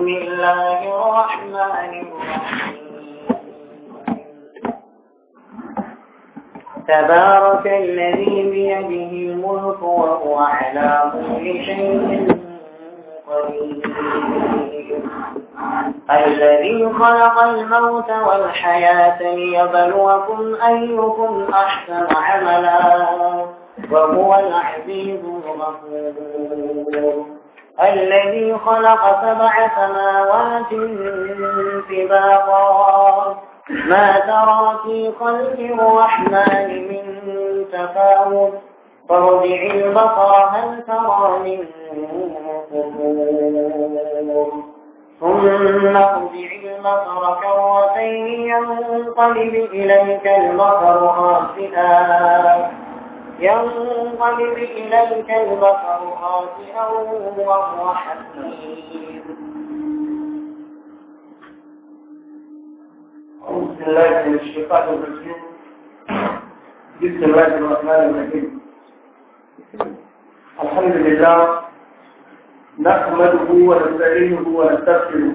بسم الله الرحمن الرحيم تبارك الذي بيده الملك وهو على كل شيء قدير الذي خلق الموت والحياة ليبلوكم أيكم أحسن عملا وهو العزيز الغفور الذي خلق سبع سماوات طباقا ما ترى في خلق الرحمن من تفاوت فارجع البصر هل ترى من فطور ثم ارجع البصر كرتين ينقلب إليك البصر خاسئا ينقلب إليك البصر خاسئا وهو حكيم. أعوذ بالله من الشيطان الرجيم بسم الله الرحمن الرحيم الحمد لله نحمده ونستعينه ونستغفره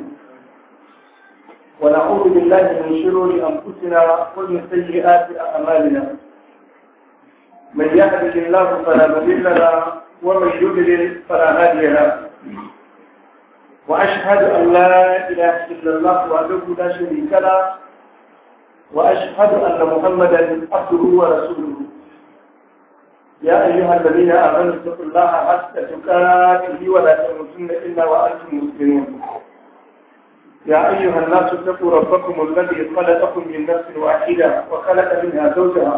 ونعوذ بالله من شرور انفسنا ومن سيئات اعمالنا من يهدك الله فلا مضل له ومن يضلل فلا هادي له واشهد ان لا اله الا الله وحده لا شريك له واشهد ان محمدا عبده ورسوله يا ايها الذين امنوا اتقوا الله حق تقاته ولا تموتن الا وانتم مسلمون يا أيها الناس اتقوا ربكم الذي خلقكم من نفس واحدة وخلق منها زوجها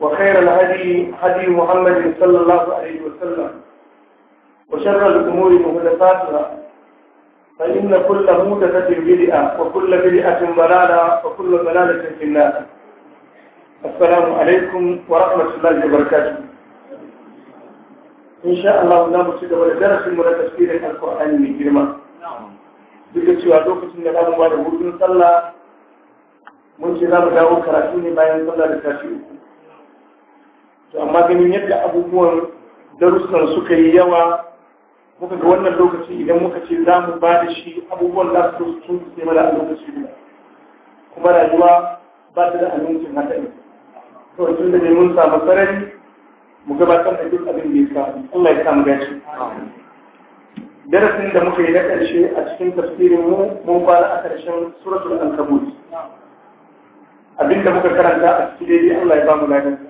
وخير الهدي هدي محمد صلى الله عليه وسلم وشر الأمور مهدفاتها فإن كل مهدفة بدئة وكل بدئة ضلالة وكل ضلالة في النار السلام عليكم ورحمة الله وبركاته إن شاء الله نعم سيدة ولدرس من تفسير القرآن من جرمه duka cewa lokacin da zamu ba da hutun sallah mun ce za mu dawo karatu ne bayan sallah da tashi uku to amma ganin yadda abubuwan darussan suka yi yawa muka ga wannan lokaci idan muka ce za mu ba da shi abubuwan za su sun sai mana a lokaci guda kuma rayuwa ba ta da amincin haka ne to tun da mun samu sarari mu gabatar da duk abin da ya samu Allah ya samu gashi darasin da muka yi na ƙarshe a cikin tafsirin mu mun kwana a ƙarshen suratul ankabut abinda muka karanta a cikin daidai Allah ya ba mu ladan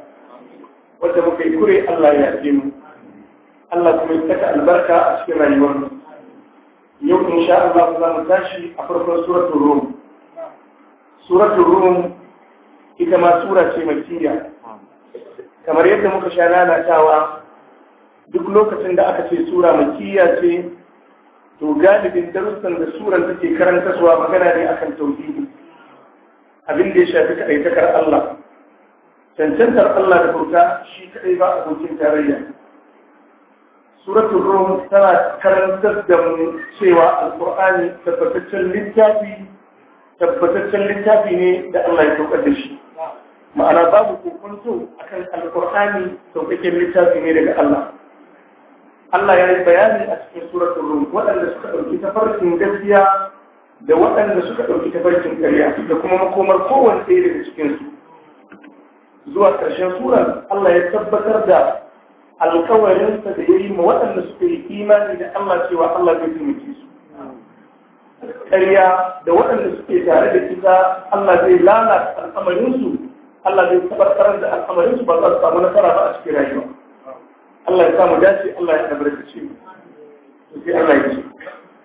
wanda muka yi kure Allah ya yafe mu Allah kuma ya saka albarka a cikin rayuwar mu yau sha Allah za mu tashi a farkon suratul rum suratul rum ita ma sura ce mai makkiya kamar yadda muka sha lalatawa duk lokacin da aka ce sura makkiya ce to galibin darussan da suran take zuwa magana ne akan tauhidi abin da ya shafi kaɗaitakar Allah cancantar Allah da bauta shi kadai ba abokin tarayya suratul rum tana karantar da mu cewa alqur'ani tabbataccen littafi tabbataccen littafi ne da Allah ya saukar da shi ma'ana babu kokonto akan alqur'ani saukakken littafi ne daga Allah Allah ya yi bayani a cikin suratul rum waɗanda suka ɗauki tafarkin gaskiya da waɗanda suka ɗauki tafarkin ƙarya da kuma makomar kowanne ɗaya daga cikinsu zuwa ƙarshen suran Allah ya tabbatar da alkawarinsa da ya yi ma waɗanda suka yi imani da Allah cewa Allah zai taimake su. Ƙarya da waɗanda suke tare da ita Allah zai lalata al'amarinsu, Allah zai tabbatar da al'amarinsu ba za su samu nasara ba a cikin rayuwa. Allah ya samu dace, Allah ya albarkace mu. Sai Allah ya ce.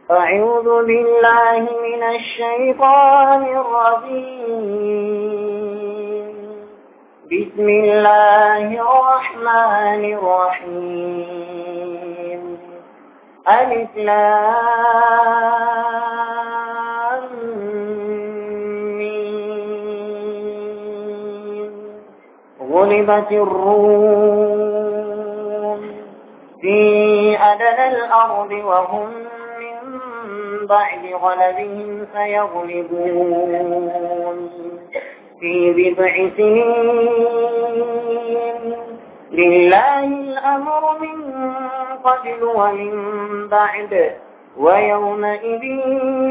أعوذ بالله من الشيطان الرجيم بسم الله الرحمن الرحيم ألف لام غلبت الروم في أدنى الأرض وهم من بعد غلبهم سيغلبون في بضع سنين لله الأمر من قبل ومن بعد ويومئذ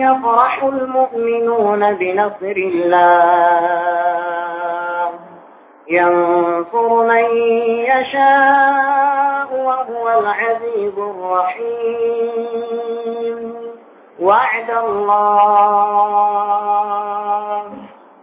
يفرح المؤمنون بنصر الله ينصر من يشاء وهو العزيز الرحيم وعد الله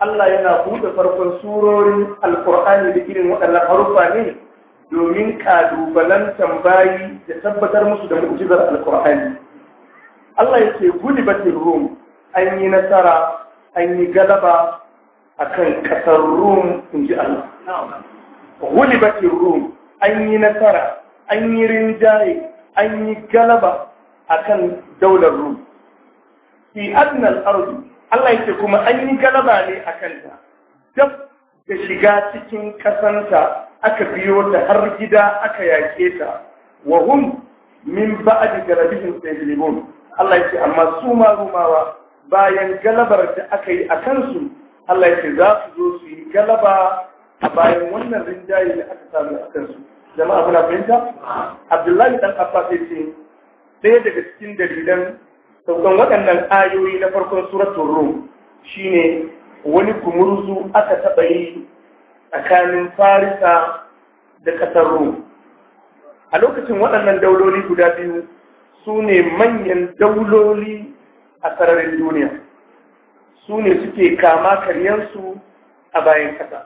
Allah yana buɗe farkon surorin Alƙur'ani da irin waɗannan harufa ne domin ƙalubalen tambayi da tabbatar musu da mu'jizar Alƙur'ani. Allah yake ta rum an yi nasara an yi galaba a kan ƙasar rum in ji Allah ta rum an yi nasara an yi rinjaye an yi galaba a kan daular rum fi adnal ardu Allah yake kuma an yi galaba ne a kanta dab da shiga cikin kasanta aka biyo ta har gida aka yake ta wa hum min ba'di galabihin sayyidun Allah yake amma su ma rumawa bayan galabar da aka yi a kansu Allah yake za su zo su yi galaba a bayan wannan rinjaye da aka samu a kansu jama'a muna fahimta Abdullahi ɗan Abbas ce, ɗaya daga cikin dalilan saukan waɗannan ayoyi na farkon suratun rum shine wani kumurzu aka taɓa yi tsakanin farisa da ƙasar rum a lokacin waɗannan dauloli guda biyu su ne manyan dauloli a sararin duniya su ne suke kama karyansu a bayan ƙasa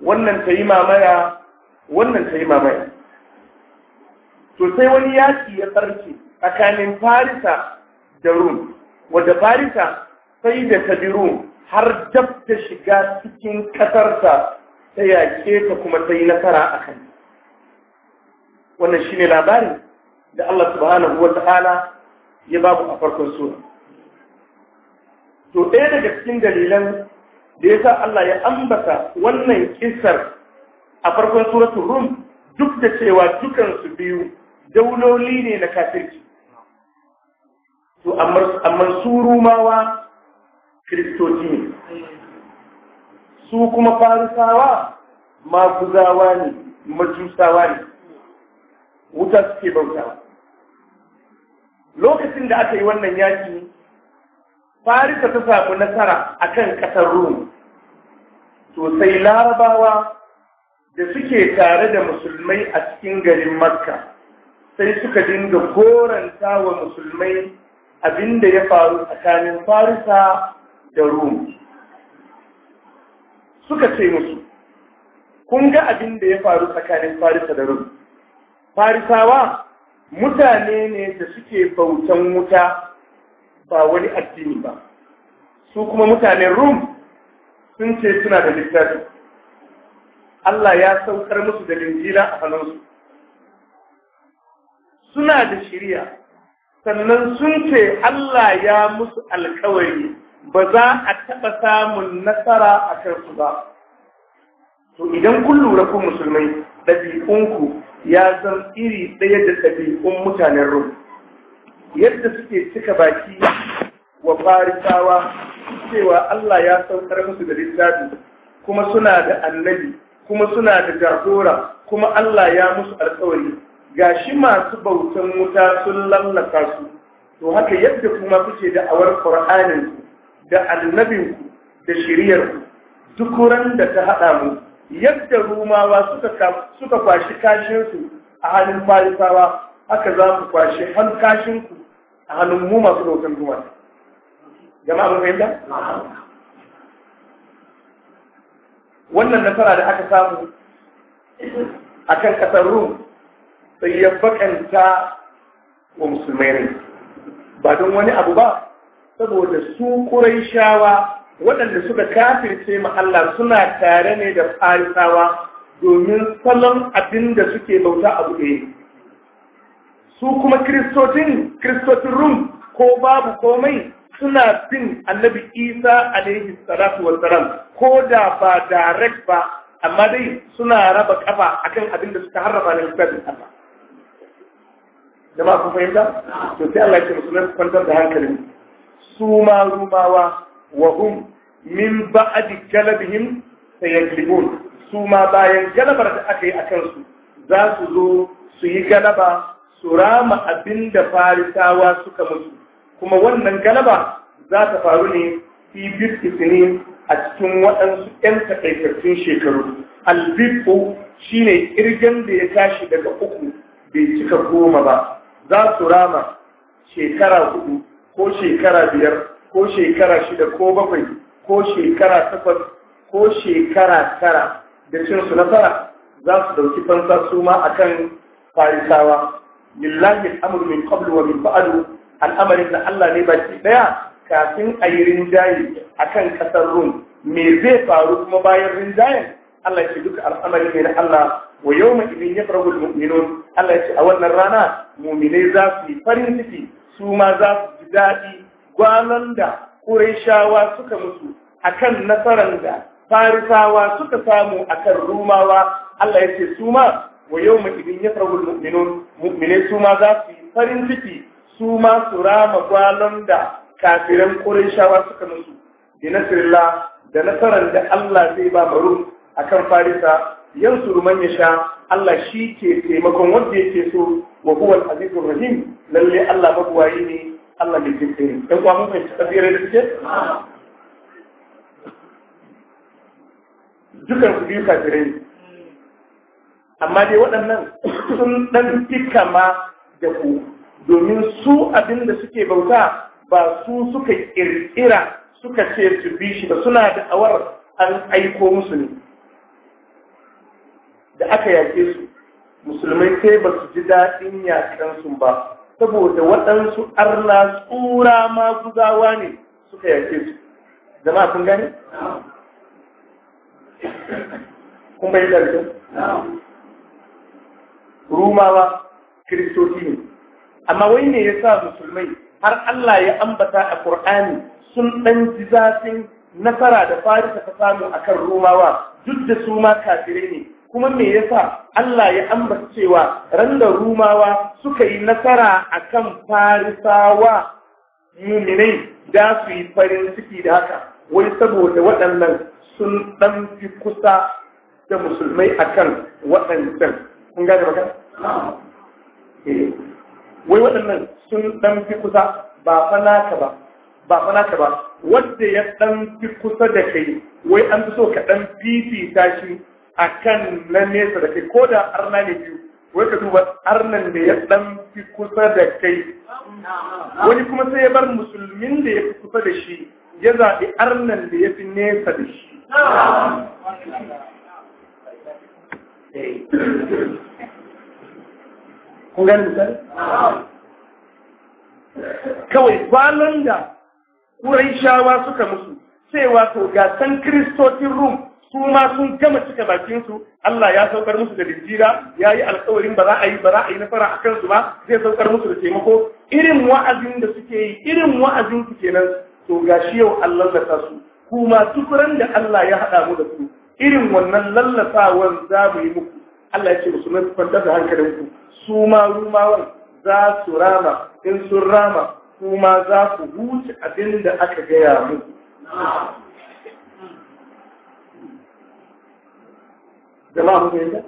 wannan ta yi mamaya wannan ta yi mamaya sosai wani yaƙi ya tsarki tsakanin farisa da rum wadda farisa sai da ta har dab ta shiga cikin ƙasarsa ta yake ta kuma ta yi nasara a kan wannan shi labarin da Allah subhanahu wa ta'ala ya babu a farkon sura to ɗaya daga cikin dalilan da ya sa Allah ya ambata wannan kisar a farkon suratul rum duk da cewa dukansu biyu dauloli ne na kafirci to amma su rumawa kristoci ne su kuma farisawa maguzawa ne majusawa ne wuta suke bautawa lokacin da aka yi wannan yaki farisa ta samu nasara a kan ƙasar rum sosai larabawa da suke tare da musulmai a cikin garin makka sai suka dinga goranta wa musulmai abin da ya faru tsakanin farisa da Rum, suka ce musu kun ga abin da ya faru tsakanin farisa da rumi farisawa mutane ne da suke bautan wuta ba wani addini ba su kuma mutanen rum sun ce suna da littafi Allah ya saukar musu da linjila a hannunsu suna da shirya sannan sun ce Allah ya musu alkawari ba za a taɓa samun nasara a kansu ba. To idan kun lura ku musulmai ɗabi'unku ya zan iri ɗaya da ɗabi'un mutanen Rum. Yadda suke cika baki wa farisawa cewa Allah ya saukar musu da littafi kuma suna da annabi kuma suna da jagora kuma Allah ya musu alkawari gashi masu bautan wuta sun lallaka su to haka yadda kuma kuke da awar qur'anin da annabin da shiriyar duk ran da ta hada mu yadda rumawa suka suka kwashi kashin su a halin farisawa haka za ku kwashi han kashin ku a hannun mu masu bautan gumata jama'a mun fahimta wannan nasara da aka samu akan kasar Rum sai ya bakanta wa musulmai ne ba don wani abu ba saboda su shawa waɗanda suka kafirce ma Allah suna tare ne da farisawa domin salon abin da suke bauta abu ɗaya su kuma kristotin kristotin rum ko babu komai suna bin annabi isa alaihi salatu wassalam ko da ba direct ba amma dai suna raba kafa akan abin da suka harrafa na lissafin Allah jama'a kun fahimta to sai Allah ya ce sunan kwantar da hankalin su ma rumawa wa hum min ba'di galabihim sayaglibun su ma bayan galabar da aka yi a kansu za su zo su yi galaba su rama abin farisawa suka mutu kuma wannan galaba za ta faru ne fi a cikin waɗansu 'yan takaitattun shekaru albiku shine kirgin da ya tashi daga uku bai cika goma ba za su rama shekara hudu ko shekara biyar ko shekara shida ko bakwai ko shekara takwas ko shekara tara da cin su nasara za su dauki fansa su ma akan farisawa lillahi al'amuru min qablu wa min ba'du al'amarin da Allah ne baki daya kafin a yi rinjaye akan kasar Rum me zai faru kuma bayan rinjayen Allah ya ce duka al'amari ne na Allah wa yawma idin yafrahu mu'minun Allah ya ce a wannan rana mu'minai za su yi farin ciki su ma za su ji daɗi gwanon da Qurayshawa suka mutu akan nasarar da Farisawa suka samu akan Rumawa Allah ya ce su ma wa yawma idin yafrahu mu'minun mu'minai su ma za su yi farin ciki su ma su rama gwanon da kafiran Qurayshawa suka mutu bi nasrillah da nasarar da Allah zai ba akan farisa yansuru ya sha Allah shi ke taimakon wanda yake so wa huwa al-azizur rahim lalle Allah mabuwayi ne Allah mai jinkai ne dan kuwa mun fahimci tsabiyar da kike dukan su biyu kafirai ne amma dai waɗannan sun ɗan fi ma da ku domin su abin da suke bauta ba su suka ƙirƙira suka ce su bi shi ba suna da awar an aiko musu ne da aka yaƙe su musulmai sai ba su ji daɗin yaƙansu ba saboda waɗansu arna tsura ma guzawa ne suka yaƙe su zama kun gane? kun bai zargin? rumawa kiristoci ne amma wai ne ya sa musulmai har Allah ya ambata a Kur'ani sun ɗan ji zafin nasara da farisa ta samu akan rumawa duk da su ma kafirai ne kuma me yasa Allah ya ambata cewa ran da rumawa suka yi nasara a kan farisawa muminai da su yi farin ciki da haka wai saboda waɗannan sun ɗan fi kusa da musulmai akan waɗancan kun gane magana eh. wai waɗannan sun ɗan fi kusa ba fa naka ba ba fa naka ba wanda ya ɗan fi kusa da kai wai an fi so ka ɗan fifita shi akan na nesa da kai ko da arna ne biyu wai ka duba arnan da ya dan fi kusa da kai wani kuma sai ya bar musulmin da ya fi kusa da shi ya zaɓi arnan da ya fi nesa da shi kun gani misali kawai kwanan da ƙurai shawa suka musu cewa to gasan kiristocin rum su ma sun gama cika bakinsu. Allah ya saukar musu da rijira ya yi alkawarin ba za a yi ba za a yi nasara a kansu ba zai saukar musu da taimako irin wa'azin da suke yi irin wa'azin ku kenan to gashi yau Allah lallata su kuma duk da Allah ya haɗa mu da su irin wannan lallatawan za mu yi muku Allah ya ce musu nan kwantar da ku su ma rumawan za su rama in sun rama kuma za ku huce abin da aka gaya muku jama'a mun fahimta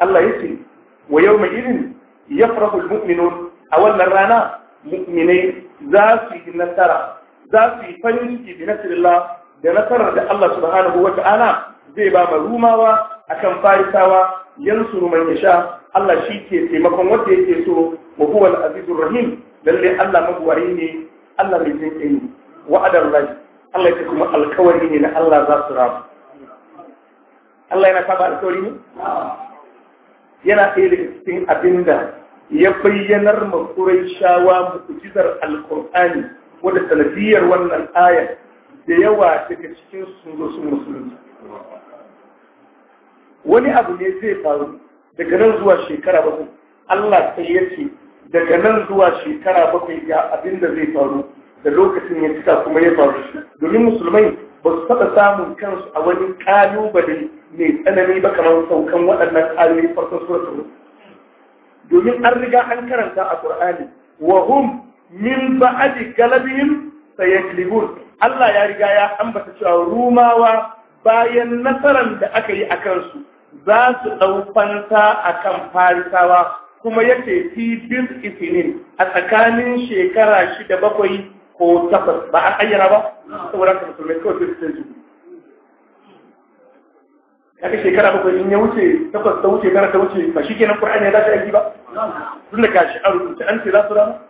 Allah yace wa irin ya yafrahu almu'minun a wannan rana mu'minai za su yi nasara za su yi farin ciki bi nasrillah da nasarar da Allah subhanahu wa ta'ala zai ba ma rumawa akan farisawa yansuru man yasha Allah shi ke taimakon wanda yake so wa huwa al-azizur rahim lalle Allah magwari ne Allah mai jin kai wa'adar Allah yake kuma alkawari ne na Allah za su rabu Allah yana saba da ne yana ɗaya daga cikin abinda ya bayyanar ma shawa mu'jizar Alƙur'ani wadda sanadiyar wannan aya da yawa daga cikin sun zo sun musulunci wani abu ne zai faru daga nan zuwa shekara bakwai Allah sai ya ce daga nan zuwa shekara bakwai ga abin da zai faru da lokacin ya cika kuma ya faru domin musulmai ba su taɓa samun kansu a wani ƙalubale mai tsanani ba kamar saukan waɗannan ayoyi farkon suratul domin an riga an karanta a ƙur'ani wa hum min ba'adi galabihim libur, Allah ya riga ya ambata cewa rumawa bayan nasaran da aka yi a kansu za su ɗau fanta kan farisawa kuma yake fi bin isinin a tsakanin shekara shida bakwai ko takwas ba an ayyana ba saboda haka musulmai kawai sai su ya kaga shekara bakwai in ya wuce takwas ta wuce tara ta wuce ba shi kenan Qur'ani ya dace aiki ba tun da kashi an rubuta an ce za su rama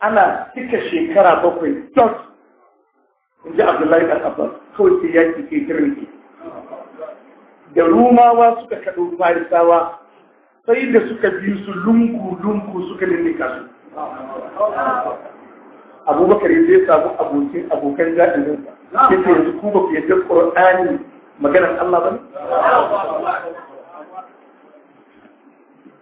ana cika shekara bakwai dot in ji Abdullahi ɗan Abbas kawai sai yaki ke girki da Rumawa suka kaɗo Farisawa sai da suka biyu su lungu-lungu suka lullika su. Abubakar zai samu abokin abokan jaɗinsa, ya ce yanzu ku ba ku yadda ƙorani maganar Allah ba ne?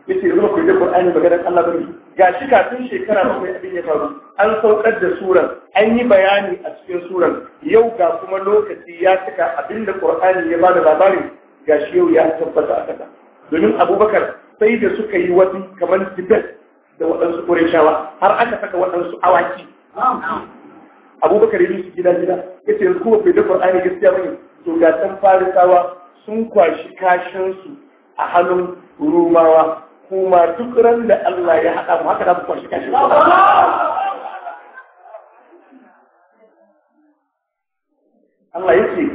Ya ce yanzu ba ku yadda ƙorani maganar Allah ba ne? Ga shi kafin shekara da mai abin ya faru, an saukar da suran, an yi bayani a cikin suran, yau ga kuma lokaci ya cika abinda ƙur'ani ya ba da labarin ga shi yau ya tabbata a kasa. domin abubakar sai da suka yi wasu kamar tibet da waɗansu ƙurishawa har aka saka waɗansu awaki abubakar yi su gida gida ya ce yanzu kuma bai da gaskiya mai to ga farisawa sun kwashi kashinsu a hannun rumawa kuma duk ran da Allah ya haɗa mu haka za mu kwashi kashin Allah ya ce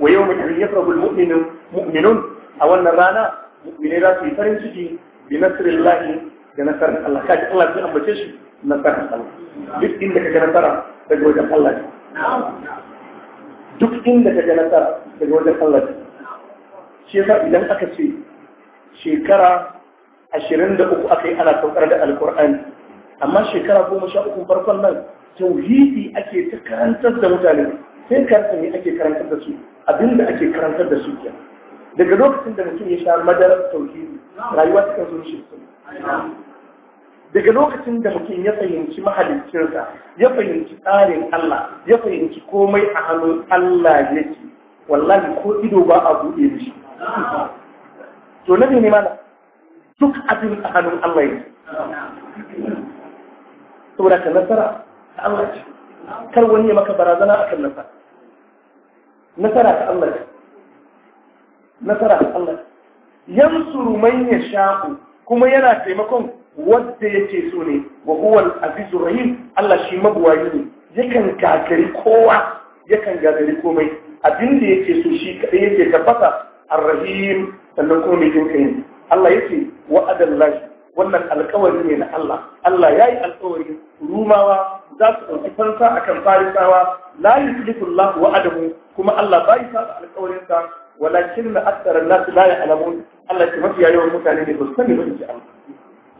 wa yau mutane ya farabul mu'minun a wannan rana mu'mine za su yi farin ciki bi nasrillahi da nasarar Allah kaji Allah zai ambace shi nasarar Allah duk inda kaga nasara daga wajen Allah ne duk inda kaga nasara daga wajen Allah ne shi yasa idan aka ce shekara ashirin da uku aka yi ana saukar da alkur'ani amma shekara goma sha uku farkon nan tauhidi ake ta karantar da mutane sai karfe ne ake karantar da su abinda ake karantar da su kenan daga lokacin da mutum ya sha madarar tauhidi rayuwa ta zo shi daga lokacin da mutum ya fahimci mahalicinsa ya fahimci tsarin Allah ya fahimci komai a hannun Allah yake wallahi ko ido ba a buɗe mishi to na ne mana duk abin a hannun Allah yake saboda ka nasara ta Allah ce kar wani ya maka barazana akan nasara nasara ta Allah ce nasara Allah yansuru man yasha'u kuma yana taimakon wanda yake so ne wa huwa al-azizur rahim Allah shi mabuwayi ne yakan kakari kowa yakan gagari komai abin da yake so shi kadai yake tabbata ar-rahim sannan kuma mai jinkai ne Allah yake wa'adallahi wannan alkawari ne na Allah Allah yayi alkawari rumawa za su ɗauki fansa akan farisawa la yuslifu Allah wa'adahu kuma Allah bai sa alkawarinsa ولكن أكثر الناس لا يعلمون الله تمفي يوم المتعلم المستمر إن شاء الله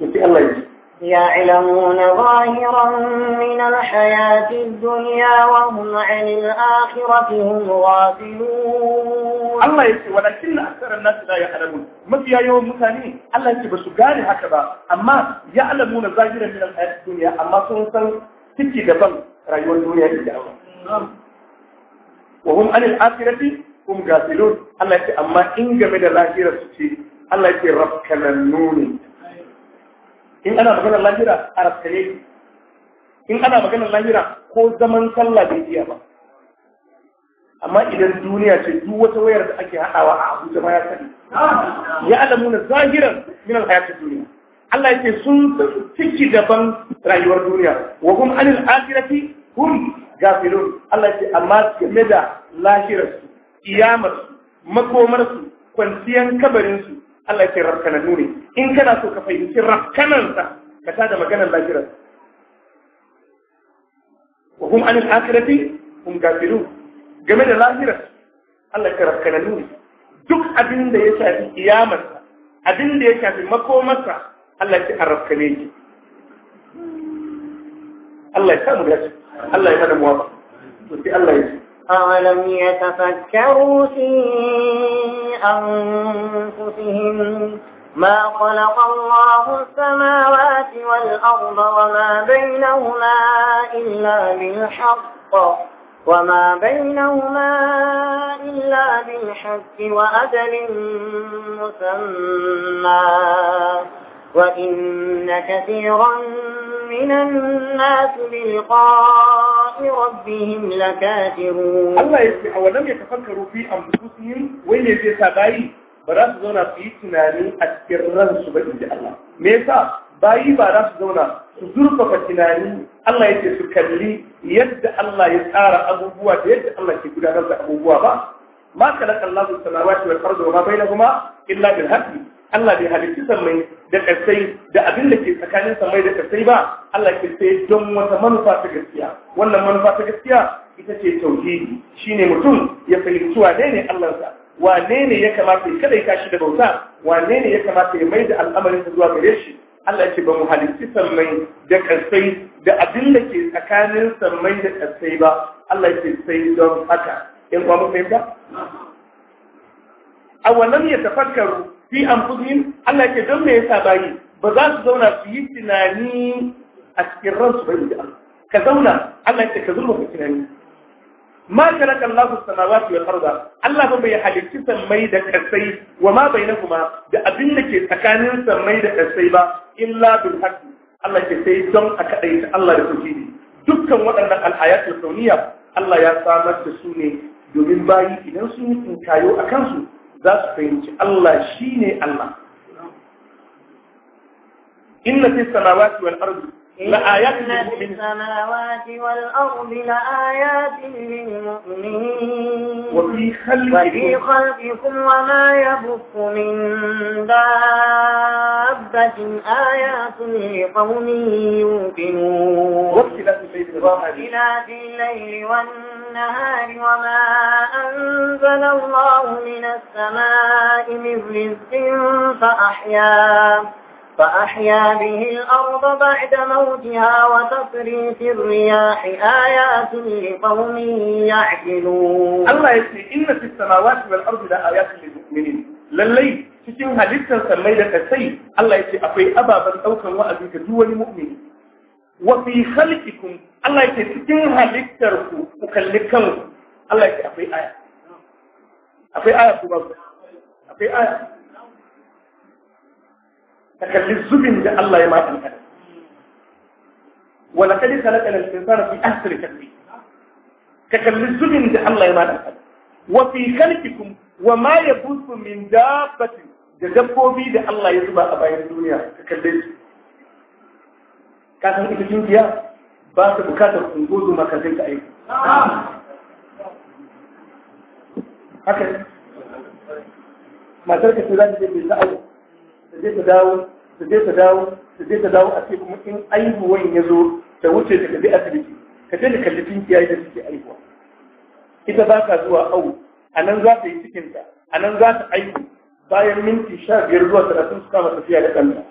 يتي الله يجي يعلمون ظاهرا من الحياة الدنيا وهم عن الآخرة هم غافلون الله يسي ولكن أكثر الناس لا يعلمون ما في يوم مثالي الله يسي بسجاري هكذا أما يعلمون ظاهرا من الحياة الدنيا أما سنسل تكي دبن رأيوان الدنيا إن الله نعم. وهم عن الآخرة kum gafilun Allah ce amma in game da lahira su ce Allah ce rafkanannu ne in ana maganar lahira a rafkane ne in ana maganar lahira ko zaman sallah bai iya ba amma idan duniya ce duk wata wayar da ake haɗawa a abu ma ya sani ya na zahiran min alhayatid duniya Allah yake sun ciki daban rayuwar duniya wa hum anil akhirati hum gafilun Allah yake amma game da lahirar su iyamarsu makomarsu kwanciyan kabarinsu Allah ya ce rafkananu ne in kana so ka fahimci rafkanansa ka tada maganar lafiyar wa hum anil akhirati hum kafirun game da lahirar Allah ya rafkananu ne duk abin da ya shafi iyamarsa abin da ya shafi makomarsa Allah ya ce arafkane ki Allah ya samu gaci Allah ya mana muwafa to sai Allah ya ce أولم يتفكروا في أنفسهم ما خلق الله السماوات والأرض وما بينهما إلا بالحق وما بينهما إلا بالحق وأجل مسمى وإن كثيرا من الناس بلقاء ربهم لكافرون الله يسمع ولم يتفكروا في أنفسهم وين في سبعي براس زونا في تناني أتكرر سبعي الله ميسا bayi ba za su zauna su zurfafa tunani Allah ya ce su kalli yadda Allah ya tsara abubuwa da yadda Allah ke gudanar da abubuwa ba ma kalaka Allah su samawati wal ardu wa ma bainahuma illa bil haqqi Allah bai halitti sammai da ƙasai da abin da ke tsakanin sammai da ƙasai ba Allah ke sai don wata manufa ta gaskiya wannan manufa ta gaskiya ita ce tauhidi shine mutum ya fahimci wa ne Allah sa wane ne ya kamata ya kada ya kashi da bauta wa ne ya kamata ya mai da al'amarin zuwa gare shi Allah ce ba mu halitti sammai da ƙasai da abin da ke tsakanin sammai da ƙasai ba Allah ke sai don haka in kuma fahimta a wannan ya tafakkaru fi anfusihim Allah ke don me yasa bayi ba za su zauna su yi tunani a cikin ransu ba da ka zauna Allah ke ka zulma ka tunani ma taraka Allahu samawati wal arda Allah ba bai halicci sammai da kasai wa ma bainahuma da abin da ke tsakanin sammai da kasai ba illa bil haqqi Allah ke sai don a kadaita Allah da tauhidi dukkan waɗannan al'ayatul kauniya Allah ya samar da su ne domin bayi idan sun yi a kansu za su fahimci Allah shi ne Allah. Inna fi salawati wal ardu la ayatin lil samawati wal ardi la ayatin lil mu'minin wa fi khalqikum wa ma yabuthu min dabbatin ayatun li qaumin yuqinun wa fi lati layli wan النهار وما أنزل الله من السماء من رزق فأحيا فأحيا به الأرض بعد موتها وتصري في الرياح آيات لقوم يعقلون الله يسمي إن في السماوات والأرض لآيات للمؤمنين للي cikin halittar sammai da kasai Allah ya ce akwai ababen ɗaukan wa'azi ga duk wani mu'mini wa fi khalqikum Allah ya ce cikin halittar ku ku kalli kanku Allah ya ce akwai aya akwai aya ku babu akwai aya ka kalli zubin da Allah ya ma dan adam wa laqad khalaqal insana fi ahsani taqwim ka kalli zubin da Allah ya ma dan adam wa fi khalqikum wa ma yabuthu min dabbatin da dabbobi da Allah ya zuba a bayan duniya ka kalli su ka san ita dukiya ba su bukatar ungozu maka zai ka aiki haka matar ka ce za ta je ta sa'adu ta zai ta dawo ta zai ta dawo ta ta dawo a ce kuma in aihuwan ya zo ta wuce ta kaje asibiti ka je da kalli dukiya da suke aihuwa ita ba ka zuwa au, a nan za ta yi cikinta a nan za ta aiki bayan minti sha biyar zuwa talatin su kama tafiya da ɗanta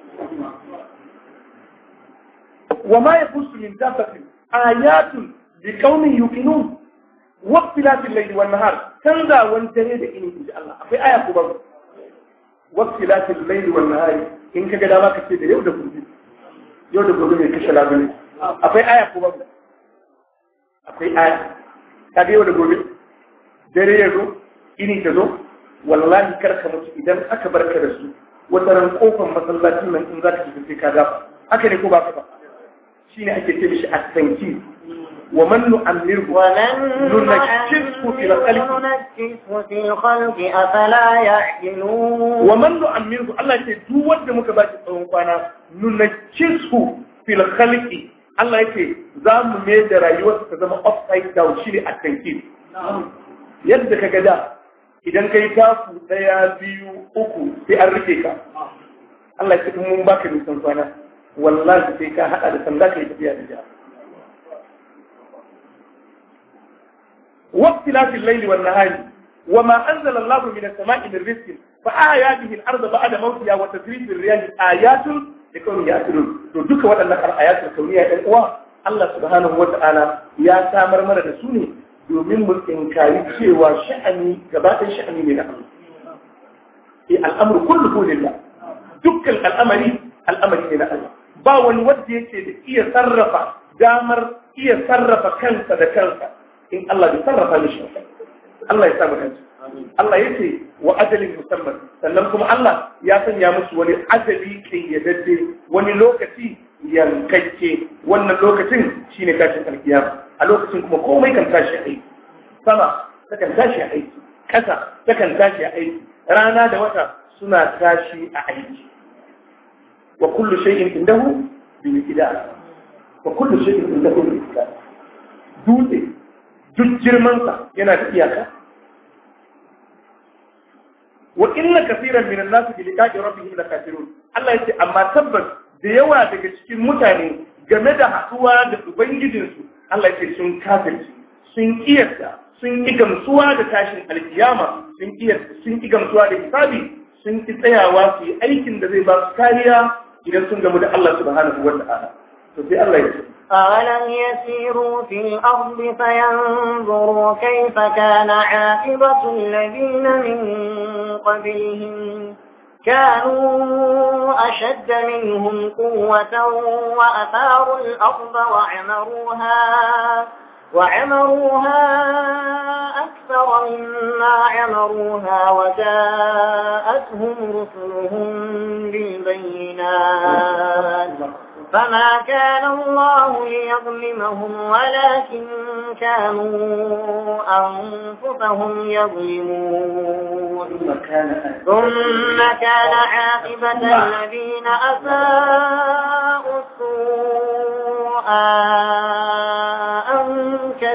وما يبث من دابة آيات لقوم يوقنون واختلاف الليل والنهار تنزع وانتهي ده إن شاء الله في آية كبر واختلاف الليل والنهار إن كجد ما كتير يوم ده كبر يوم ده كبر يكشف لابن أفي آية كبر أفي آية كذي يوم ده كبر dare ya zo ini ta zo wallahi kar ka mutu idan aka bar ka da su wata ran kofar masallacin shine ake ce mishi at wa man nu'ammirhu wa man nunakkisuhu fil khalqi afala ya'qilun wa man nu'ammirhu Allah ce duk wanda muka ba shi tsawon kwana nunakkisuhu fil khalqi Allah yake za mu mai da rayuwarsa ta zama upside down shine at-tankid yadda ka ga da idan kai tafu daya biyu uku sai an rike ka Allah ya ce mun baka nisan kwana wallahi sai ka haɗa da sanda ka yi tafiya da jiha واختلاف riski والنهار وما أنزل الله من السماء من da فآيا wata الأرض riyali. موتها وتسريب الرياح آيات لكون يأكلون to duka waɗannan al'ayatul ya ɗan uwa Allah subhanahu wata'ala ya samar mana da su ne domin mu tsinkari cewa sha'ani gaba ɗaya sha'ani ne na Allah eh al'amru kulluhu lillah dukkan al'amari al'amari ne na Allah ba wani wadda yake da iya sarrafa damar iya sarrafa kansa da kansa in Allah bai sarrafa mishi Allah ya sa kansa Allah yake wa ajalin musamman sannan kuma Allah ya sanya musu wani ajali kayyadadde wani lokaci yankakke wannan lokacin shine kashin alkiyama a lokacin kuma komai kan tashi aiki sama takan tashi aiki kasa takan tashi aiki rana da wata suna tashi a aiki wa kullu shay'in indahu bi miqdar wa kullu shay'in indahu bi miqdar dutse duk girman sa yana da iyaka wa inna kaseeran min an-nas bi liqa'i rabbihim lakafirun Allah yace amma tabbas da yawa daga cikin mutane game da haɗuwa da ubangijinsu Allah yace sun kafirci sun sun gamsuwa da tashin alkiyama sun sun gamsuwa da hisabi sun ki tsayawa su yi aikin da zai ba su kariya idan sun gamu da Allah subhanahu wa ta'ala to sai Allah ya ce أولم يسيروا في الأرض فينظروا كيف كان عاقبة الذين من قبلهم كانوا أشد منهم قوة وأثاروا الأرض وعمروها وعمروها أكثر مما عمروها وجاءتهم رسلهم بالبينات فما كان الله ليظلمهم ولكن كانوا أنفسهم يظلمون ثم كان عاقبة الذين أساءوا السوء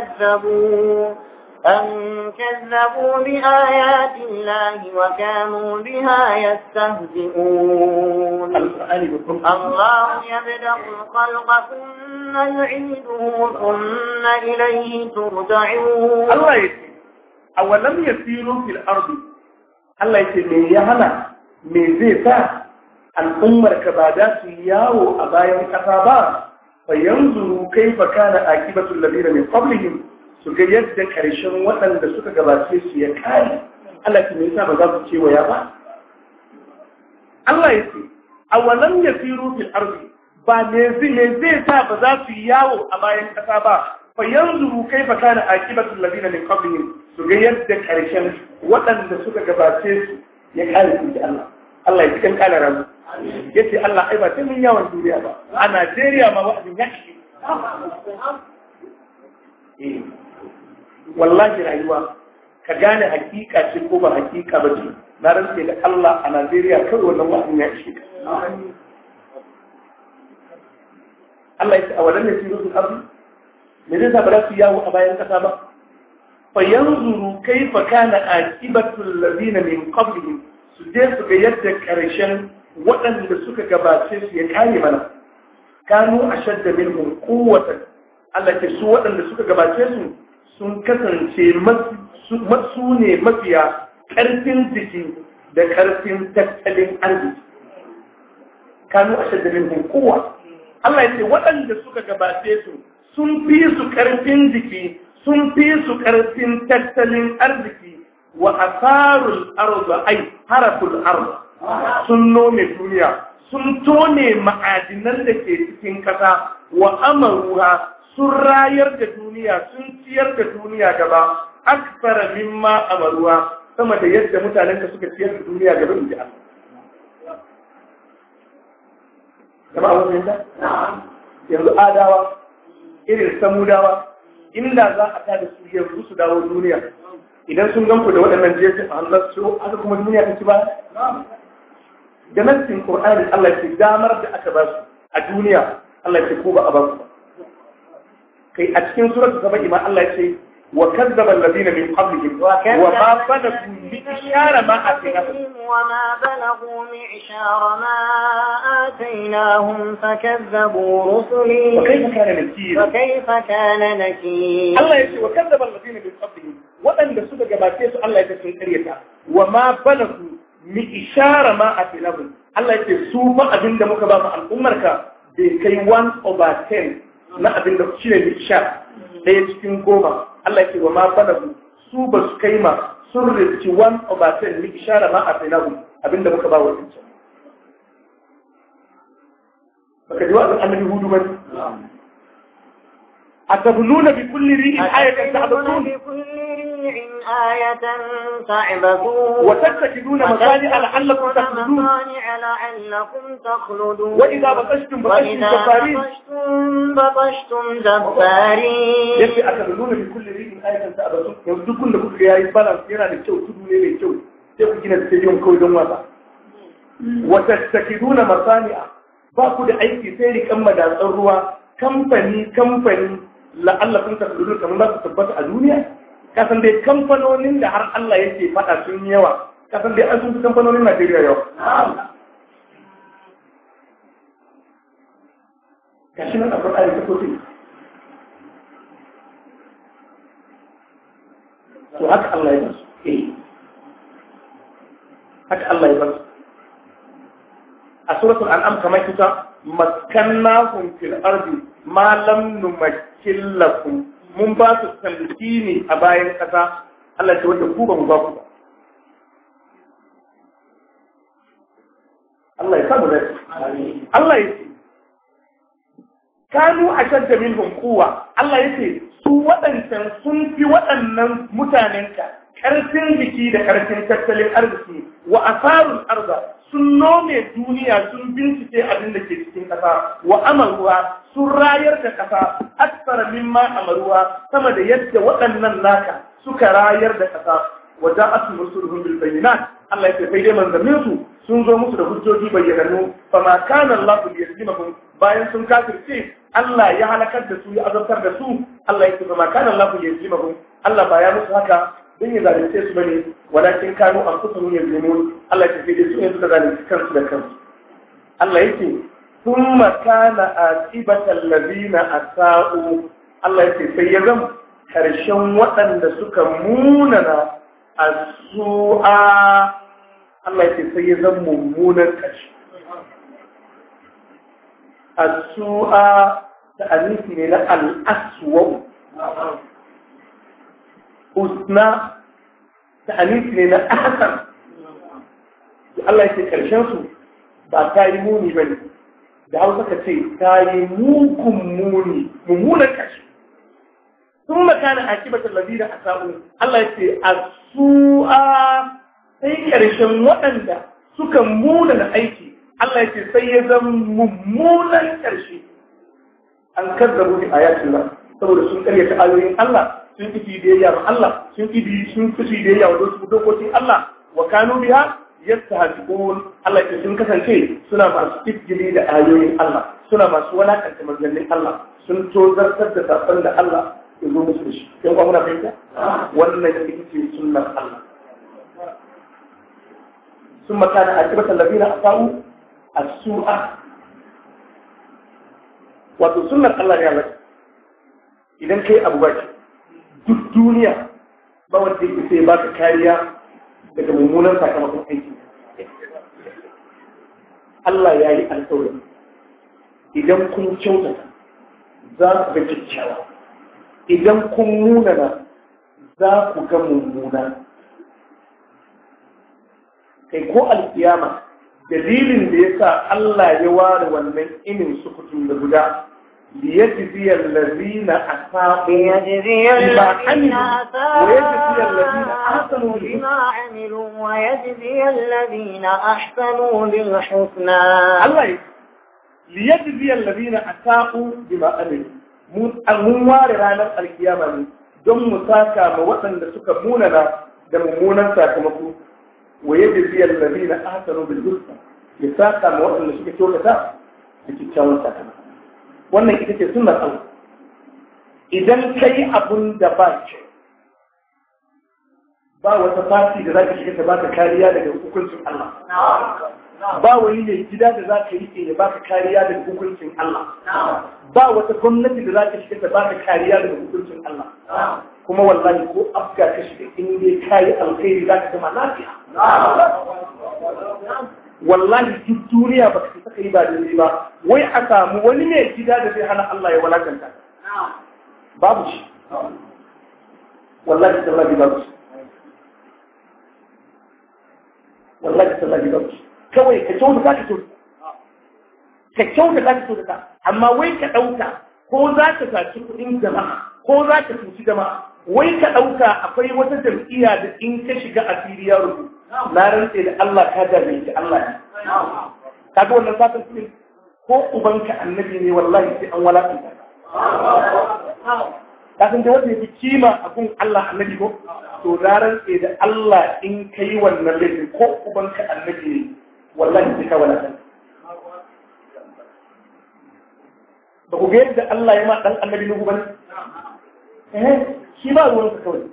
كذبوا أن كذبوا بآيات الله وكانوا بها يستهزئون الله يبدأ الخلق ثم يعيده ثم إليه ترجعون الله يسير أولم يسيروا في الأرض الله يسير من يهنا من زيتا الأمر كبادات ياو أبايا كتابات fa yanzuru kaifa kana akibatul ladina min qablihim su ga yadda karshen waɗanda suka gabace su ya kare Allah ki me yasa ba za su ya ba Allah ya ce awalam yasiru fil ardi ba me zai zai sa ba za su yawo a bayan kasa ba fa yanzu kaifa kana aqibatul ladina min qablihim su ga yadda karshen waɗanda suka gabace su ya kare su da Allah Allah ya cikin kalaran ya ce Allah ai ba sai mun yawon duniya ba a Najeriya ma wa'azin ya ce eh, wallahi rayuwa ka gane hakika ce ko ba hakika ba ce na rantse da Allah a Najeriya kawai wannan wa'azin ya ce Allah ya ce a wadannan sirrin abu me zai sa ba za su yawo a bayan kasa ba Fa kai kana فينظروا ladina min عاقبة su je su ga yadda karshen waɗanda suka gabace su ya kare mana kanu a shadda minhum quwwatan Allah ke su waɗanda suka gabace su sun kasance masu ne mafiya ƙarfin jiki da ƙarfin tattalin arziki kanu a shadda minhum quwwa Allah ya ce waɗanda suka gabace su sun fi su ƙarfin jiki sun fi su ƙarfin tattalin arziki wa asarul arda ay haraful arda sun nome duniya sun tone ma'adinan da ke cikin kasa wa amaruha sun rayar da duniya sun ciyar da duniya gaba akfara mimma amaruwa sama da yadda mutanen da suka ciyar da duniya gaba inji Allah. a wajen da? Yanzu adawa, irin samudawa, inda za a tada su yanzu su dawo duniya. Idan sun ganku da waɗannan jefi a hannun su, aka kuma duniya ta ci ba? da nassin Qur'ani Allah ce damar da aka ba su a duniya Allah ce ko ba a ba su kai a cikin suratul saba'i ima Allah ce wa kazzaba alladhina min qablihim wa ma balagu bi ishara ma atainahum wa ma balagu bi ishara ma atainahum fakazzabu rusuli wa kayfa kana nakir wa kayfa kana nakir Allah ya ce wa kazzaba alladhina min qablihim wadanda suka gabace su Allah ya ce sun karyata wa ma balagu mi ishara ma a filabin Allah yake su fa abin da muka ba mu al'ummar ka bai kai 1 over 10 na abin da shi ne mi ishara ɗaya cikin goma Allah yake wa ma falabu su ba su kai ma sun rinci 1 over 10 mi ishara ma a filabin abin da muka ba wa rinci baka ji wa'azin annabi hudu ba a tabluna bi kulli ri'in ayatan ta'batun آية تعبثون وتتخذون مصانع لعلكم تخلدون لعلكم تخلدون وإذا بطشتم بطشتم جبارين بطشتم بطشتم جبارين يلي أتخذون من كل ريح آية تعبثون يبدو كل كفر يا إبالا يرى للشو تدو ليه للشو تبقى جنا تسيريون كوي دون وضع وتتخذون مصانع باكو da aiki sai rikan madatsar ruwa kamfani kamfani la'allakun tafdurun kamar za su tabbata a duniya kasan dai kamfanonin da har Allah yake faɗa sun yawa kasan dai an sun kamfanonin Najeriya yau gashi nan akwai ayyuka sosai to haka Allah ya ba su eh. haka Allah ya ba su a suratul an'am kamar kita makkannahum fil ardi ma lam numakkil lakum mun ba su ne a bayan ƙasa Allah ce wanda ku mu ba ku ba Allah ya samu rai Allah ya ce kanu a shan minhum hunkuwa, Allah ya ce su waɗancan sun fi waɗannan mutanenka ƙarfin jiki da ƙarfin tattalin arziki wa farin arza sun nome duniya sun bincike abin da ke cikin ƙasa wa amalwa sun rayar da ƙasa aksara mimma amaruwa sama da yadda waɗannan naka suka rayar da ƙasa wajen asu da bil bayyinat Allah ya sai dai manzannin su sun zo musu da hujjoji bayyananu fa ma kana Allah bi yaslimuhum bayan sun kafirce Allah ya halakar da su ya azabtar da su Allah ya ce fa ma kana Allah bi yaslimuhum Allah ba ya musu haka dan ya zalunce su bane walakin kanu anfusuhum yazlimun Allah ya ce sai su ne suka zalunci kansu da kansu Allah yake Sun kana a ƙiba tallabi na a sa’o, Allah ya ce, sai ya zan ƙarshen waɗanda suka munana a su’a, Allah ya ce, sai ya zan mummunan ƙarshe. A su’a ta ne na al’aswau, usna ta annisi ne na ƙasar, Allah ya ce, ƙarshen su ba ta yi muni ba ne. da hausa ka ce ta yi mugun muni mummunan kashi sun makana a kibatar lalina a sa'u Allah ya ce a su'a sai ƙarshen waɗanda suka muna na aiki Allah ya ce sai ya zama mummunan ƙarshe an kazzabu a yakin Allah saboda sun karyata ayoyin Allah sun kifi da yawa Allah sun kifi sun kifi da yawa dokokin Allah wa kanu yastahzi'un Allah ya sun kasance suna masu tifgili da ayoyin Allah suna masu walakanta manzannin Allah sun tozartar da safan da Allah ya zo musu da shi yan kwa muna fahimta wannan ita ce sunnar Allah sun mata da akibatar tallafi a sa'u a su'a wato sunnar Allah ya Allah idan kai abu baki duk duniya ba wanda fi sai baka kariya daga mummunan sakamakon aiki Allah ya yi alƙawari idan kun kyautata za ku ga kyakkyawa idan kun na, za ku ga mummuna kai ko alkiyama dalilin da ya sa Allah ya ware wannan inin sukutun da guda ليجزي الذين أساءوا بما عملوا ويجزي الذين أحسنوا بما عملوا ويجزي الذين أحسنوا بالحسنى الله ليجزي الذين أساءوا بما عملوا mun ware ranar alkiyama ne don mu saka ma waɗanda suka munana da mummunan sakamako wa yadda ziyar lalina asanu bil husna ya saka ma waɗanda suka kyautata da sakamako wannan ita ce sunnar Allah idan ka yi abun da ba kyau ba wata fasi da za ka shiga ta baka kariya daga hukuncin Allah. Ba wani ne gida da za ka yi ya baka kariya daga hukuncin Allah. Ba wata gwamnati da za ka shiga ta baka kariya daga hukuncin Allah. Kuma wallahi ko afka ka shiga in ya kayi alkhairi za ka zama lafiya. wallahi duk duniya ba ka saka yi ba daidai ba wai a samu wani ne gida da zai hana Allah ya walakanta babu shi wallahi tallahi babu shi wallahi tallahi babu shi kawai ka kyau kyauta za ka kyauta ka kyauta za ka kyauta amma wai ka ɗauka ko za ka saci kuɗin jama'a ko za ka cuci jama'a wai ka ɗauka akwai wata jam'iyya da in ka shiga asiri ya rubu na rantse da Allah ka jabinci Allah ne ka ga wannan satin cikin ko ubanka annabi ne wallahi sai an walakanta ka san dai wanda yake kima a kun Allah annabi ko to na rantse da Allah in kai wannan laifin ko ubanka annabi ne wallahi sai ka walakanta ba ku gani da Allah ya ma dan annabi ne ba eh shi ba ruwan ruwansa kawai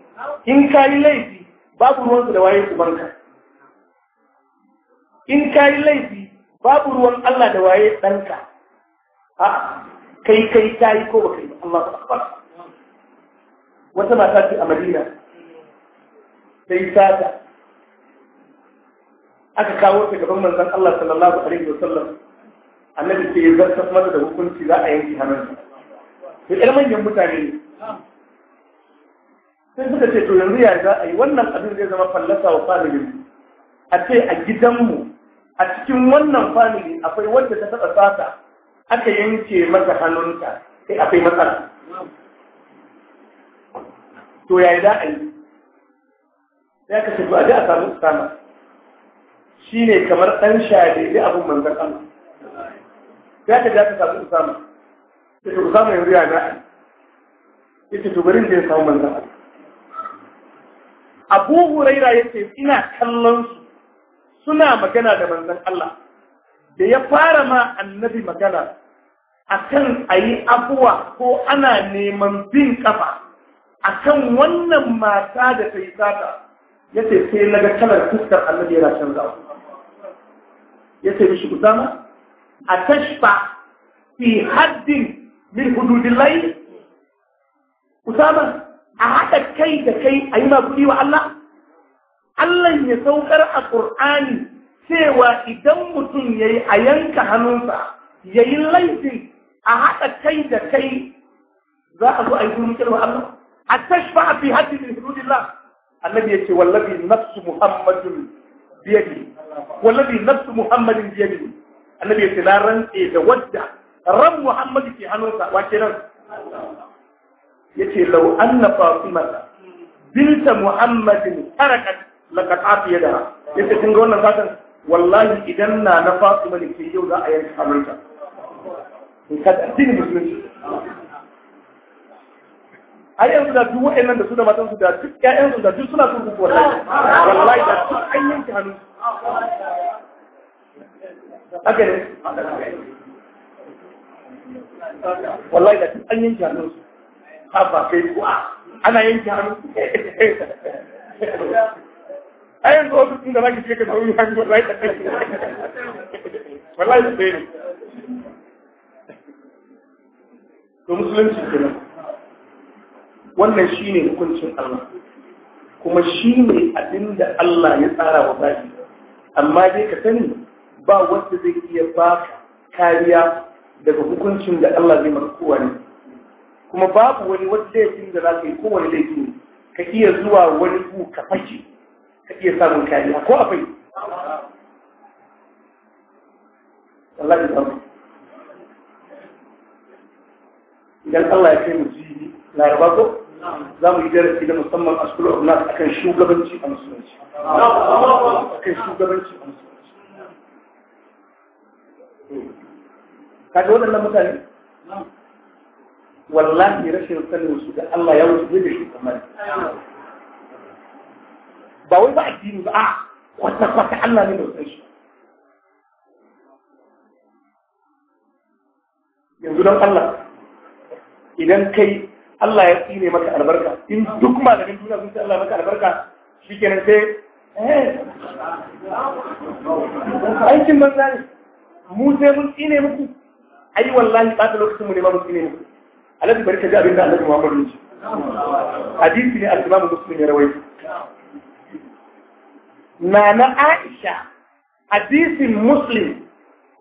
in ka yi laifi babu ruwansa da waye ubanka in ka yi laifi babu ruwan Allah da waye ɗanka a kai kai ta yi ko ba kai Allah ba ba wata mata ce a Madina sai sata aka kawo ta gaban manzon Allah sallallahu alaihi wasallam annabi ce ya zarta mata da hukunci za a yanke hannunsa to ƴan manyan mutane ne sai suka ce to yanzu ya za a yi wannan abin zai zama fallasa wa yanzu. a ce a gidanmu a cikin wannan family akwai wanda ta taɓa sata aka yanke masa hannunta sai akwai matsala to ya za a yi ya ka tafi a ji a samu Sama? shi ne kamar ɗan shaɗe da abin manzan Allah ya ka ja ka samu usama ya ce usama yanzu ya za'a ya ce to bari da ya samu manzan Allah Abu Huraira ya ce ina kallon su suna magana da manzon Allah da ya fara ma annabi magana akan yi abuwa ko ana neman bin kafa akan wannan mata da ta yi sata ya ce sai na ga kalar fuskar annabi yana canzawa ya ce mishi usama a tashfa fi haddin min hududillahi usama a haɗa kai da kai a yi ma kuɗi wa Allah Allah ya saukar a Ƙur'ani cewa idan mutum ya yi a yanka hannunsa ya yi laifin a haɗa kai da kai za a zo a yi gurmutar wa Allah a tashfa fi haddi min hududillah annabi ya yace wallabi nafsu muhammadin biyadi wallabi nafsu muhammadin biyadi annabi ya ce na rantse da wadda ran muhammadu ke hannunsa wa kenan yace law anna fatimata binta muhammadin tarakat laqad fiye da yace kin ga wannan fatan wallahi idan na na fasu mani ke yau za a yi hannunta in ka addini musulunci ai yanzu da duk wa'annan da su da matansu da duk ƴaƴansu da duk suna sun kuku wallahi wallahi da duk an yanke hannu haka ne wallahi da duk an yanke hannu haba kai kuwa ana yanke hannu a yanzu wasu sun da zaki ce ka zaune ya hango zai tsaye wallahi tsaye ne to musulunci kenan wannan shine hukuncin Allah kuma shine abinda Allah ya tsara wa zaki amma dai ka sani ba wanda zai iya ba kariya daga hukuncin da Allah zai maka kowane kuma babu wani wanda laifin da za ka yi kowane laifi ka iya zuwa wani ku ka fashe ka iya samun kariya ko akwai wallahi ba idan Allah ya kai mu jibi laraba ko za mu yi darasi da musamman a school of nas akan shugabanci a musulunci akan shugabanci a musulunci kaga waɗannan mutane wallahi rashin sanin su da Allah ya wuce da shugabanci. ba wai ba addini ba a kwata kwata Allah ne da shi yanzu don Allah idan kai Allah ya tsine maka albarka in duk malamin duniya sun ce Allah maka albarka shi kenan sai eh, aikin banza ne mu sai mun tsine muku ai wallahi ba ta lokacin mu ne ma mun tsine muku alhaji bari ka ji abin da Allah ya ya ne hadisi ne al-Imam Muslim ya rawaito na na Aisha hadisin Muslim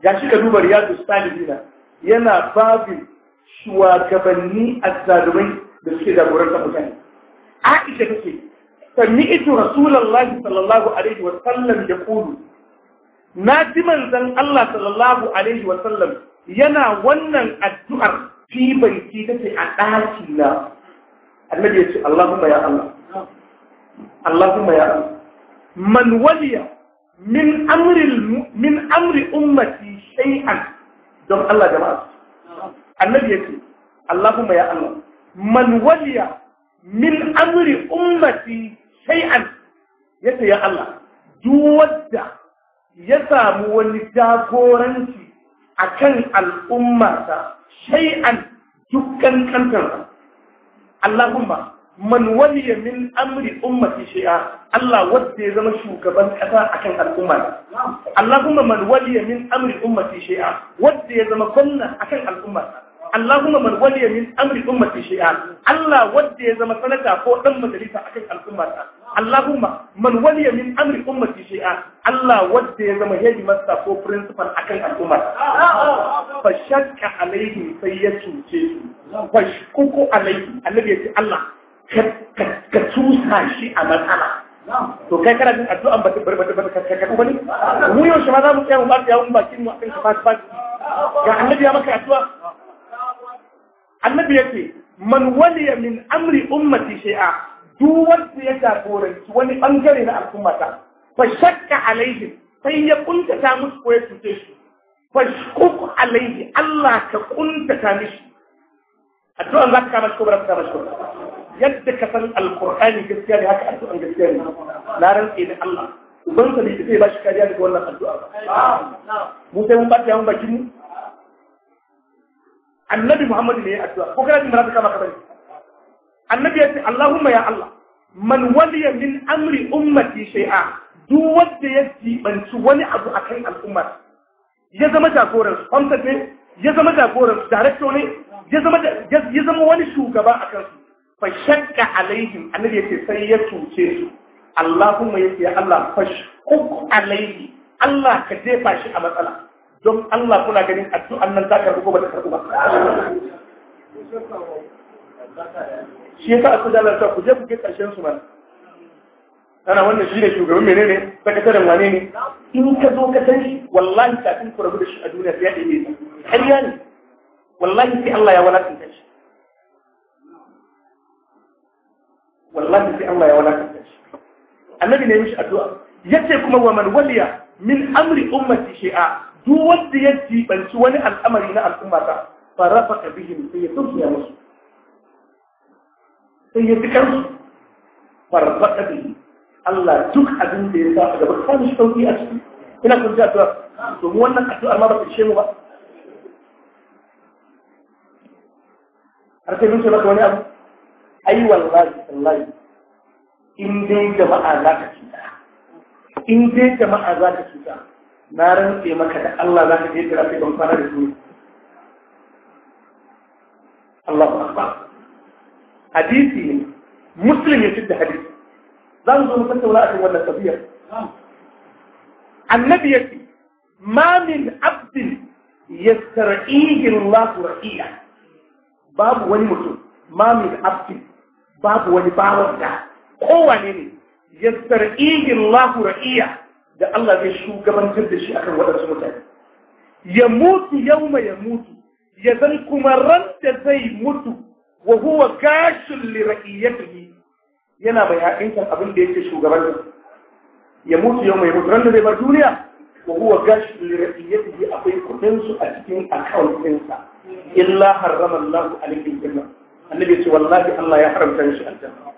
ga shi ka duba riyadu salihina yana babin shugabanni azzalumai da suke jagorantar mutane Aisha take sami'tu rasulullahi sallallahu alaihi wa sallam yaqulu na ji manzon Allah sallallahu alaihi wa sallam yana wannan addu'ar fi baiti tace a ɗaki na annabi ya ce Allahumma ya Allah Allahumma ya Allah man waliya min amri min amri don Allah jama'a annabi yace Allahumma ya Allah man waliya min amri ummati shay'an yace ya Allah duk wanda ya samu wani jagoranci akan al'ummata shay'an dukkan man waliya min amri ummati shi'a Allah wanda ya zama shugaban kasa akan al'umma Allahumma man waliya min amri ummati shi'a wanda ya zama gwamna akan al'umma Allahumma man waliya min amri ummati Allah wanda ya zama sanata ko dan majalisa akan al'umma ta Allahumma man waliya min amri ummati Allah wanda ya zama head master ko principal akan al'umma fa shakka alaihi sai ya cuce su fa kuku alaihi annabi ya ce Allah ka tusa shi a matsala to kai kana jin addu'an ba ta barbata ba ka kai bane mu yau shi ma za mu tsaya mu ba ta yawun bakin mu akan shafa shafa ga annabi ya maka addu'a annabi yace man waliya min amri ummati shay'a duk wanda ya jagoranci wani bangare na al'ummata fa shakka alaihi sai ya kuntata musu ko ya cuce shi fa shukku alaihi Allah ka kuntata mishi addu'an za ka kama shi ko ba za ka kama shi yadda ka san alkur'ani gaskiya ne haka addu'an gaskiya ne na rantse ne Allah uban sa ne zai ba shi kariya daga wannan addu'a ba mu sai mun bata yawan bakin mu annabi Muhammad ne ya addu'a ko kana jin maraka kama kabari annabi ya ce Allahumma ya Allah man waliya min amri ummati shay'a duk wanda ya jibanci wani abu akan al'ummar ya zama jagoran sponsor ne ya zama jagoran director ne ya zama wani shugaba akan su fashakka alaihim annabi yace sai ya cuce su Allahumma yace ya Allah fashkuk alaihi Allah ka jefa shi a matsala don Allah kuna ganin addu'an nan zaka rubo ba ta karbu ba shi yasa aku dalar ta ku je ku ga karshen su ba. ana wannan shi ne shugaban menene sakataren wane ne in ka zo ka sani wallahi kafin ku rabu da shi a duniya sai ya ɗebe ka ƙarya ne wallahi sai Allah ya walakanta shi wallahi sai Allah ya walakanta shi annabi ne mishi addu'a yace kuma wa man waliya min amri ummati shi'a duk wanda ya jibanci wani al'amari na al'umma ta fa rafaka bihim sai ya tafiya musu sai ya tikar su fa rafaka bihim Allah duk abin da ya sa gaba ka mishi sauki a ciki ina kun ji addu'a to mu wannan addu'a ma ba ta ishe mu ba har sai mun ce maka wani abu ai wallahi wallahi in dai jama'a za ka cuta in dai jama'a za ka cuta na rantse maka da Allah za ka je jira sai ban fara da su Allahu akbar hadisi ne muslim ya fitta hadisi Zan mu zo mu tattauna akan wannan tafiya annabi yace ma min abdin yastar'ihi Allah ra'iya babu wani mutum ma min abdin babu wani bawar da kowane ne ya sar'ihi Allahu ra'iya da Allah zai shugabantar da shi akan waɗansu mutane ya mutu yauma ya mutu ya zan kuma ran da zai mutu wa huwa gashin li ra'iyatihi yana mai haƙinkan abin da yake shugabantar ya mutu yauma ya mutu ran da zai bar duniya wa huwa gashin li ra'iyatihi akwai kuɗinsu a cikin akawun ɗinsa illa harrama Allahu alaihi wa sallam annabi ce wallahi Allah ya haramta mishi aljanna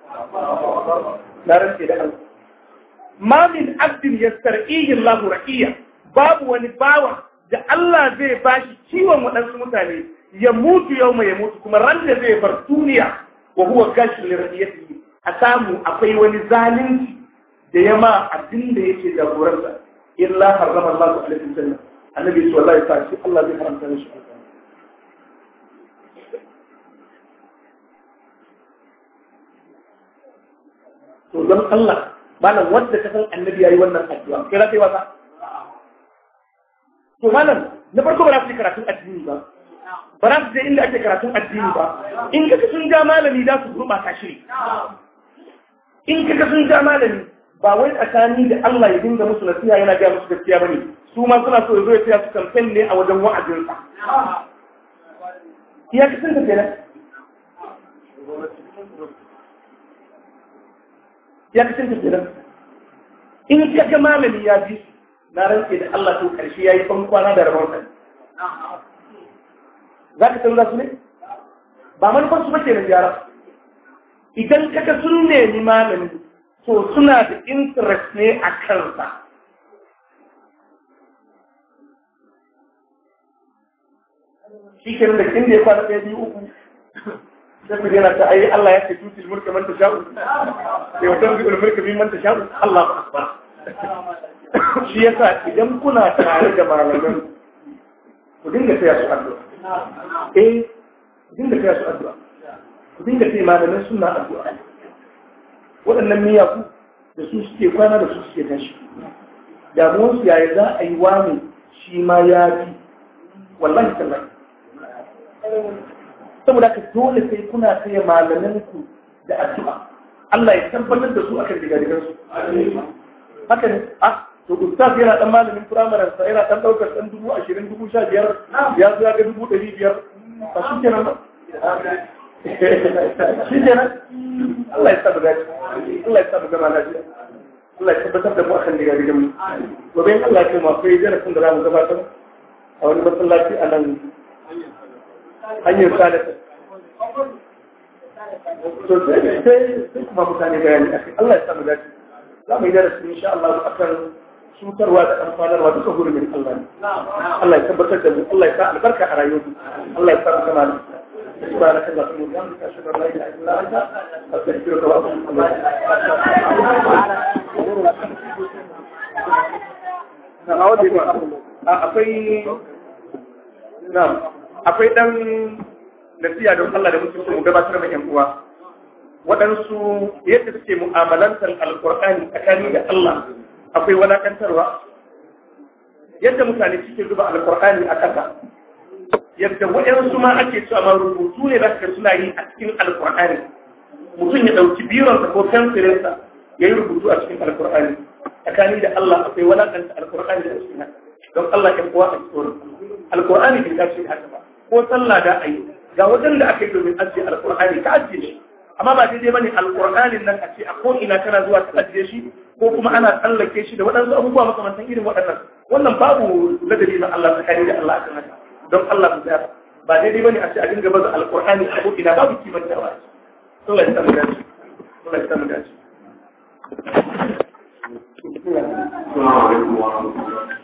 na rantsi da Allah ma min abdin yastar'ihi Allahu raqiya babu wani bawa da Allah zai bashi ciwon waɗansu mutane ya mutu yau mai ya mutu kuma ran da zai bar duniya wa huwa gashin lirriyatihi a samu akwai wani zalunci da yama abin da yake jagorarsa illa harrama Allah alaihi wasallam annabi sallallahu alaihi wasallam Allah zai haramta mishi to don Allah malam wanda ka san annabi yayi wannan addu'a kai za ka yi wasa to malam na farko ba za su yi karatun addini ba ba za su je inda ake karatun addini ba in kaka sun ja malami za su gurɓata shi in kaka sun ja malami ba wai tsakani da Allah ya dinga musu nasiha yana gaya musu gaskiya bane su ma suna so ya zo ya tsaya su kamfen ne a wajen wa'azinsa iya kasan ta kenan ya kasance kenan in ka ga malami ya bi na rantse da Allah to karshe yayi ban kwana da rabon kai za ka san su ne ba manufar su bace da jara. idan kaga sun nemi malami to suna da interest ne a kansa shi kenan da kin da ya kwana ɗaya biyu uku sai ku yana ta ai Allah ya ce tutil mulka man tasha'u yau tanzu bil mulka bi man tasha'u Allahu akbar shi yasa idan kuna tare da malaman ku dinga taya su addu'a eh ku dinga taya su addu'a ku dinga taya malaman suna addu'a waɗannan miyaku da su suke kwana da su suke tashi damuwarsu yaya za a yi wani shi ma ya fi wallahi tallahi saboda ka dole sai kuna tsaye malaminku da addu'a Allah ya tabbatar da su akan digadigan su haka ne a ah, to ustaz yana dan malamin primary sa yana dan daukar dan dubu ashirin dubu 15 biyar ya zo ya ga dubu ɗari biyar ba shi kenan ba shi kenan Allah ya tabbata Allah ya tabbata ma lafiya Allah ya tabbatar da mu akan digadigan mu gobe Allah ya kai mu akwai darasin da za gabatar a wani masallaci a nan hanyar salata to sai da sai kuma mutane bayani Allah ya samu dace za mu yi darasi insha Allah akan cutarwa da amfanarwa duka hurumin Allah ne Allah ya tabbatar da mu Allah ya sa albarka a rayuwar Allah ya sa mu سبحانك اللهم وبحمدك اشهد ان لا اله الا انت استغفرك واتوب اليك نعم akwai ɗan nasiya don Allah da muke so mu gabatar da ƴan uwa waɗansu yadda suke mu'amalantar alƙur'ani tsakani da Allah akwai wadatantarwa yadda mutane suke zuba alƙur'ani a ƙasa yadda waɗansu ma ake cewa ma rubutu ne za ka suna yi a cikin alƙur'ani mutum ya ɗauki bironsa ko fensirinsa ya yi rubutu a cikin alƙur'ani tsakani da Allah akwai wadatantar alƙur'ani da cikin haka don Allah ya uwa a cikin alƙur'ani bai dace haka ba ko sallah da ayi ga wajen da aka yi domin ajiye alƙur'ani ka ajiye shi amma ba daidai bane alƙur'anin nan a ce a ko ina kana zuwa ta ajiye shi ko kuma ana tsallake shi da waɗansu abubuwa makamantan irin waɗannan wannan babu ladabi na Allah tsakani da Allah akan haka don Allah su tsaya ba daidai bane a ce a dinga baza alƙur'ani a ko ina babu kimantawa Allah ya samu dace Allah ya samu dace Assalamu alaikum